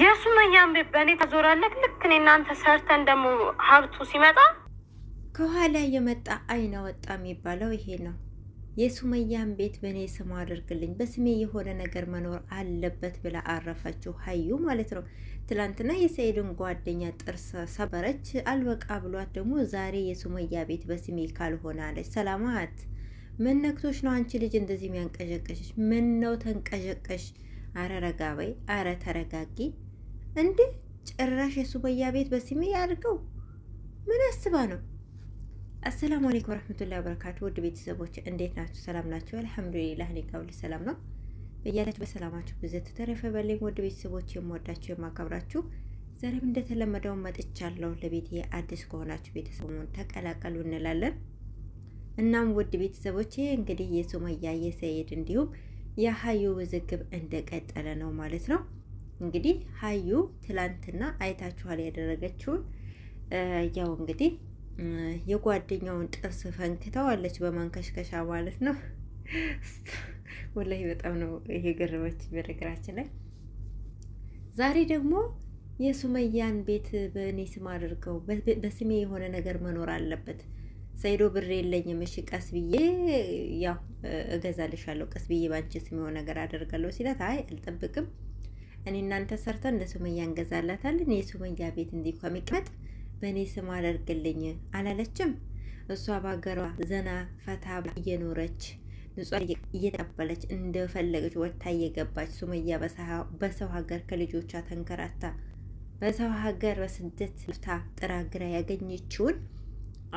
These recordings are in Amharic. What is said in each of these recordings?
የሱመያን ቤት በእኔ ተዞራለት ልክ እኔ እናንተ ሰርተን ደግሞ ሀብቱ ሲመጣ ከኋላ የመጣ አይነ ወጣ የሚባለው ይሄ ነው። የሱመያን ቤት በእኔ ስም አድርግልኝ፣ በስሜ የሆነ ነገር መኖር አለበት ብላ አረፈችው ሀዩ ማለት ነው። ትላንትና የሰኢድን ጓደኛ ጥርስ ሰበረች። አልበቃ ብሏት ደግሞ ዛሬ የሱመያ ቤት በስሜ ካልሆነ አለች። ሰላማት ምን ነው አንቺ ልጅ እንደዚህ የሚያንቀዠቀሸሽ? ምን ነው ተንቀዠቀሽ? አረ ረጋ በይ፣ አረ ተረጋጊ። እንዴ ጭራሽ የሱመያ ቤት በስሜ ያድርገው። ምን አስባ ነው? አሰላሙ አለይኩም ወረሕመቱላሂ ወበረካቱ። ውድ ቤተሰቦች እንዴት ናችሁ? ሰላም ናችሁ? አልሐምዱሊላህ እኔ ጋር ሁሉ ሰላም ነው። በያላችሁ በሰላማችሁ ብዘት ተተረፈ በልኝ። ውድ ቤተሰቦች የምወዳችሁ የማከብራችሁ፣ ዛሬም እንደተለመደው መጥቻለሁ። ለቤት አዲስ ከሆናችሁ ቤተሰቡን ተቀላቀሉ እንላለን። እናም ውድ ቤተሰቦች እንግዲህ የሱመያ የሰይድ እንዲሁም የሀዩ ውዝግብ እንደቀጠለ ነው ማለት ነው። እንግዲህ ሀዩ ትላንትና አይታችኋል ያደረገችውን። ያው እንግዲህ የጓደኛውን ጥርስ ፈንክተዋለች በማንከሽከሻ ማለት ነው። ወላሂ በጣም ነው የገረመች። በነገራችን ላይ ዛሬ ደግሞ የሱመያን ቤት በእኔ ስም አድርገው በስሜ የሆነ ነገር መኖር አለበት። ሰይዶ ብር የለኝም፣ እሺ ቀስ ብዬ ያው እገዛልሻለሁ፣ ቀስ ብዬ ባንቺ ስም የሆነ ነገር አደርጋለሁ ሲላት አይ አልጠብቅም እኔ እናንተ ሰርተን ሱመያ እንገዛላታለን የሱመያ ቤት እንዲ ከሚቀመጥ በእኔ ስም አደርግልኝ አላለችም። እሷ በሀገሯ ዘና ፈታ እየኖረች ንጹህ እየተቀበለች እንደፈለገች ወታ እየገባች ሱመያ በሰው ሀገር ከልጆቿ ተንከራታ በሰው ሀገር በስደት ልፍታ ጥራ ግራ ያገኘችውን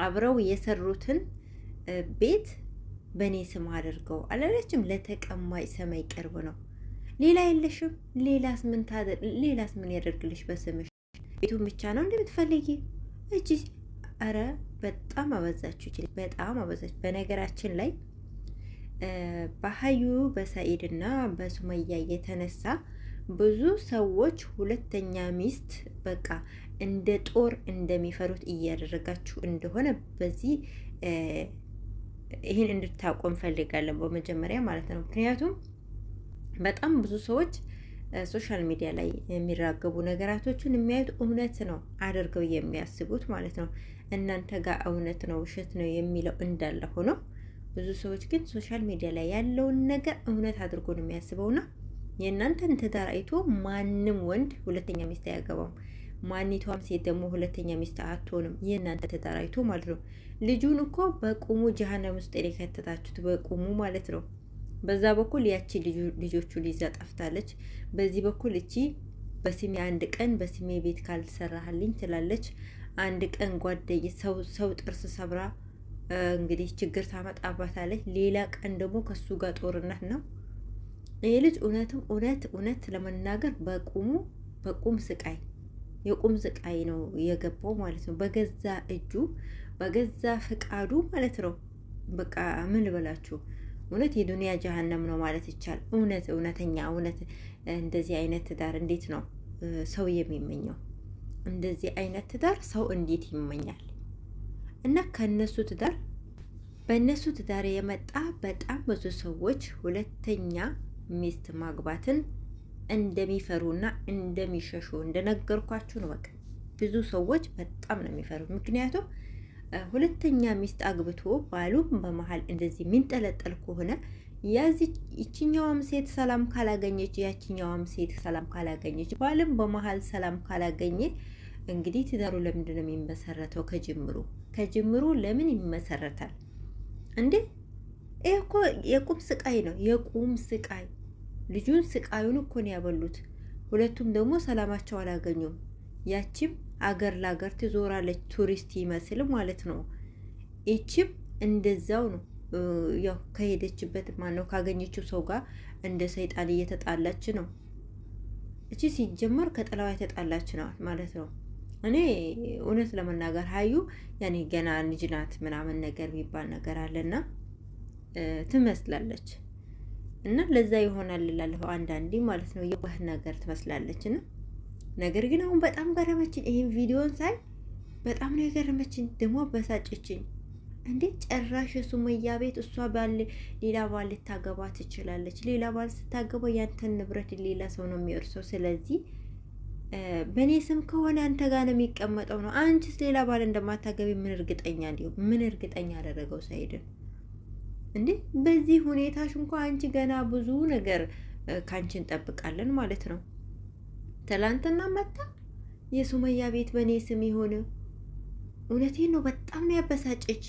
አብረው የሰሩትን ቤት በእኔ ስም አድርገው አላለችም። ለተቀማጭ ሰማይ ቅርብ ነው። ሌላ የለሽም? ሌላስ ምን ሌላስ ምን ያደርግልሽ በስምሽ? ቤቱን ብቻ ነው እንደምትፈልጊ እጅ ኧረ በጣም አበዛችሁ፣ በጣም አበዛችሁ። በነገራችን ላይ በሀዩ በሰኢድ እና በሱመያ የተነሳ ብዙ ሰዎች ሁለተኛ ሚስት በቃ እንደ ጦር እንደሚፈሩት እያደረጋችሁ እንደሆነ በዚህ ይህን እንድታቆም እንፈልጋለን፣ በመጀመሪያ ማለት ነው። ምክንያቱም በጣም ብዙ ሰዎች ሶሻል ሚዲያ ላይ የሚራገቡ ነገራቶችን የሚያዩት እውነት ነው አድርገው የሚያስቡት ማለት ነው። እናንተ ጋር እውነት ነው ውሸት ነው የሚለው እንዳለ ሆኖ ብዙ ሰዎች ግን ሶሻል ሚዲያ ላይ ያለውን ነገር እውነት አድርጎ ነው ና የእናንተን ትዳር አይቶ ማንም ወንድ ሁለተኛ ሚስት አያገባም። ማኒቷም ሴት ደግሞ ሁለተኛ ሚስት አትሆንም። የእናንተ ትዳር አይቶ ማለት ነው። ልጁን እኮ በቁሙ ጀሃነም ውስጥ የከተታችሁት በቁሙ ማለት ነው። በዛ በኩል ያቺ ልጆቹ ሊዛ ጠፍታለች። በዚህ በኩል እቺ በስሜ አንድ ቀን በስሜ ቤት ካልሰራህልኝ ትላለች። አንድ ቀን ጓደኝ ሰው ጥርስ ሰብራ እንግዲህ ችግር ታመጣባታለች። ሌላ ቀን ደግሞ ከሱ ጋር ጦርነት ነው። ይህ ልጅ እውነትም እውነት እውነት ለመናገር በቁሙ በቁም ስቃይ የቁም ስቃይ ነው የገባው ማለት ነው። በገዛ እጁ በገዛ ፈቃዱ ማለት ነው። በቃ ምን ልበላችሁ እውነት የዱንያ ጀሃነም ነው ማለት ይቻል። እውነት እውነተኛ እውነት እንደዚህ አይነት ትዳር እንዴት ነው ሰው የሚመኘው? እንደዚህ አይነት ትዳር ሰው እንዴት ይመኛል? እና ከነሱ ትዳር በእነሱ ትዳር የመጣ በጣም ብዙ ሰዎች ሁለተኛ ሚስት ማግባትን እንደሚፈሩና እንደሚሸሹ እንደነገርኳችሁ ነው። በቃ ብዙ ሰዎች በጣም ነው የሚፈሩ ምክንያቱም ሁለተኛ ሚስት አግብቶ ባሉ በመሀል እንደዚህ የሚንጠለጠል ከሆነ ይችኛዋም ሴት ሰላም ካላገኘች፣ ያችኛዋም ሴት ሰላም ካላገኘች፣ ባልም በመሀል ሰላም ካላገኘ እንግዲህ ትዳሩ ለምንድን ነው የሚመሰረተው? ከጅምሩ ከጅምሩ ለምን ይመሰረታል እንዴ? ይህ እኮ የቁም ስቃይ ነው። የቁም ስቃይ ልጁን ስቃዩን እኮ ነው ያበሉት። ሁለቱም ደግሞ ሰላማቸው አላገኙም። ያቺም አገር ለአገር ትዞራለች ቱሪስት ይመስል ማለት ነው። ይችም እንደዛው ነው። ያው ከሄደችበት ነው ካገኘችው ሰው ጋር እንደ ሰይጣን እየተጣላች ነው። እቺ ሲጀመር ከጥላዋ የተጣላች ነው ማለት ነው። እኔ እውነት ለመናገር ሀዩ ያኔ ገና ልጅ ናት ምናምን ነገር የሚባል ነገር አለና ትመስላለች እና ለዛ ይሆናል አንዳንዴ ማለት ነው የዋህ ነገር ትመስላለች እና ነገር ግን አሁን በጣም ገረመችኝ። ይህን ቪዲዮን ሳይ በጣም ነው የገረመችኝ፣ ደግሞ አበሳጨችኝ። እንዴ ጨራሽ የሱመያ ቤት እሷ ባል ሌላ ባል ልታገባ ትችላለች። ሌላ ባል ስታገባ ያንተን ንብረት ሌላ ሰው ነው የሚወርሰው። ስለዚህ በእኔ ስም ከሆነ አንተ ጋር ነው የሚቀመጠው ነው። አንቺስ ሌላ ባል እንደማታገቢ ምን እርግጠኛ ሊሆን ምን እርግጠኛ ያደረገው ሳይድን እንዴ በዚህ ሁኔታሽ እንኳ አንቺ ገና ብዙ ነገር ካንቺ እንጠብቃለን ማለት ነው። ትላንትና መታ የሱመያ ቤት በእኔ ስም የሆነ እውነቴን ነው። በጣም ነው ያበሳጨች።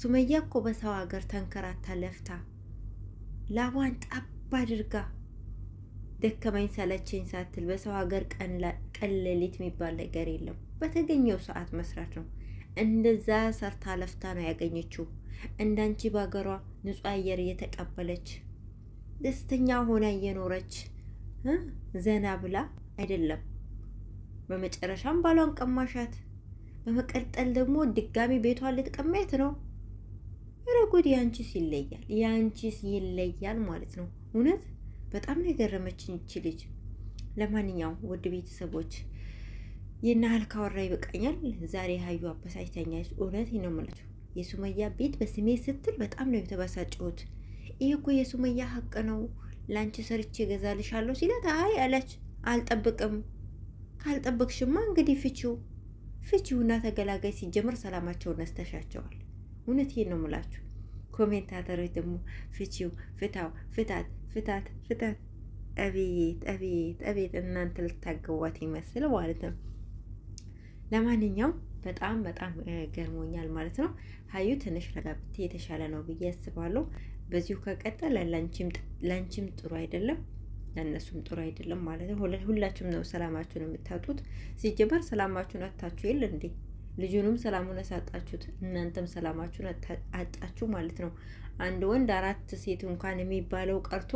ሱመያ እኮ በሰው ሀገር ተንከራታ ለፍታ ላቧን ጣብ አድርጋ ደከመኝ ሰለቸኝ ሳትል በሰው ሀገር ቀን የሚባል ነገር የለም። በተገኘው ሰዓት መስራት ነው። እንደዛ ሰርታ ለፍታ ነው ያገኘችው። እንዳንቺ በሀገሯ ንጹህ አየር እየተቀበለች ደስተኛ ሆና እየኖረች ዘና ብላ አይደለም። በመጨረሻም ባሏን ቀማሻት። በመቀጠል ደግሞ ድጋሚ ቤቷን ልትቀማየት ነው። ኧረ ጉድ! ያንቺስ ይለያል፣ ያንቺስ ይለያል ማለት ነው። እውነት በጣም ነው የገረመችኝ ይቺ ልጅ። ለማንኛውም ውድ ቤተሰቦች የናህል ካወራ ይበቃኛል። ዛሬ ሀዩ አበሳጭታኛለች። እውነት ነው የሱመያ ቤት በስሜ ስትል በጣም ነው የተበሳጨሁት። ይህ እኮ የሱመያ ሀቅ ነው። ለአንቺ ሰርቼ እገዛልሻለሁ ሲላት አይ አለች። አልጠብቅም። ካልጠብቅሽማ እንግዲህ ፍቺው እና ተገላጋይ ሲጀምር ሰላማቸውን ነስተሻቸዋል። እውነቴን ነው የምላችሁ። ኮሜንታተሮች ደግሞ ፍቺው፣ ፍታው፣ ፍታት፣ ፍታት፣ ፍታት። አቤት አቤት አቤት! እናንተ ልታገቧት ይመስል ማለት ነው። ለማንኛውም በጣም በጣም ገርሞኛል ማለት ነው። ሀዩ ትንሽ ረጋ ብትይ የተሻለ ነው ብዬ አስባለሁ። በዚሁ ከቀጠለ ለአንቺም ጥሩ አይደለም፣ ለእነሱም ጥሩ አይደለም ማለት ነው። ሁላችሁም ነው ሰላማችሁን የምታጡት። ሲጀመር ሰላማችሁን አታችሁ የለ እንዴ? ልጁንም ሰላሙን አሳጣችሁት፣ እናንተም ሰላማችሁን አጣችሁ ማለት ነው። አንድ ወንድ አራት ሴት እንኳን የሚባለው ቀርቶ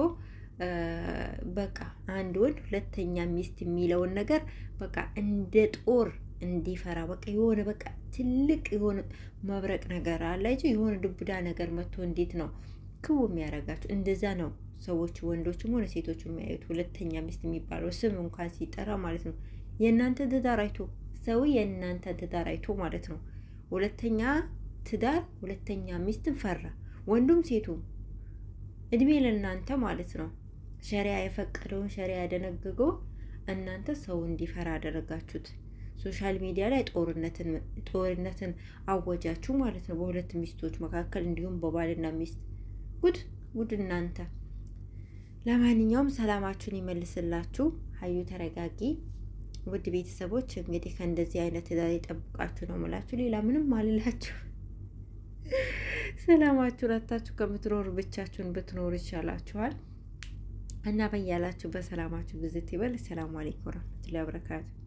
በቃ አንድ ወንድ ሁለተኛ ሚስት የሚለውን ነገር በቃ እንደ ጦር እንዲፈራ በቃ የሆነ በቃ ትልቅ የሆነ መብረቅ ነገር አለ የሆነ ድብዳ ነገር መጥቶ እንዴት ነው ክቡ የሚያደርጋቸው እንደዛ ነው። ሰዎች ወንዶችም ሆነ ሴቶች የሚያዩት ሁለተኛ ሚስት የሚባለው ስም እንኳን ሲጠራ ማለት ነው። የእናንተ ትዳር አይቶ ሰው የእናንተ ትዳር አይቶ ማለት ነው። ሁለተኛ ትዳር ሁለተኛ ሚስትን ፈራ። ወንዱም ሴቱም እድሜ ለእናንተ ማለት ነው። ሸሪያ የፈቀደውን ሸሪያ ያደነገገው እናንተ ሰው እንዲፈራ አደረጋችሁት። ሶሻል ሚዲያ ላይ ጦርነትን አወጃችሁ ማለት ነው በሁለት ሚስቶች መካከል እንዲሁም በባልና ሚስት ጉድ ጉድ እናንተ። ለማንኛውም ሰላማችሁን ይመልስላችሁ። ሀዩ ተረጋጊ። ውድ ቤተሰቦች እንግዲህ ከእንደዚህ አይነት ትዳር ይጠብቃችሁ ነው ሙላችሁ። ሌላ ምንም አልላችሁ። ሰላማችሁ ረታችሁ ከምትኖሩ ብቻችሁን ብትኖሩ ይሻላችኋል እና በያላችሁ በሰላማችሁ ብዝት ይበል። ሰላሙ አሌይኩም ወረሕመቱላሂ ወበረካቱ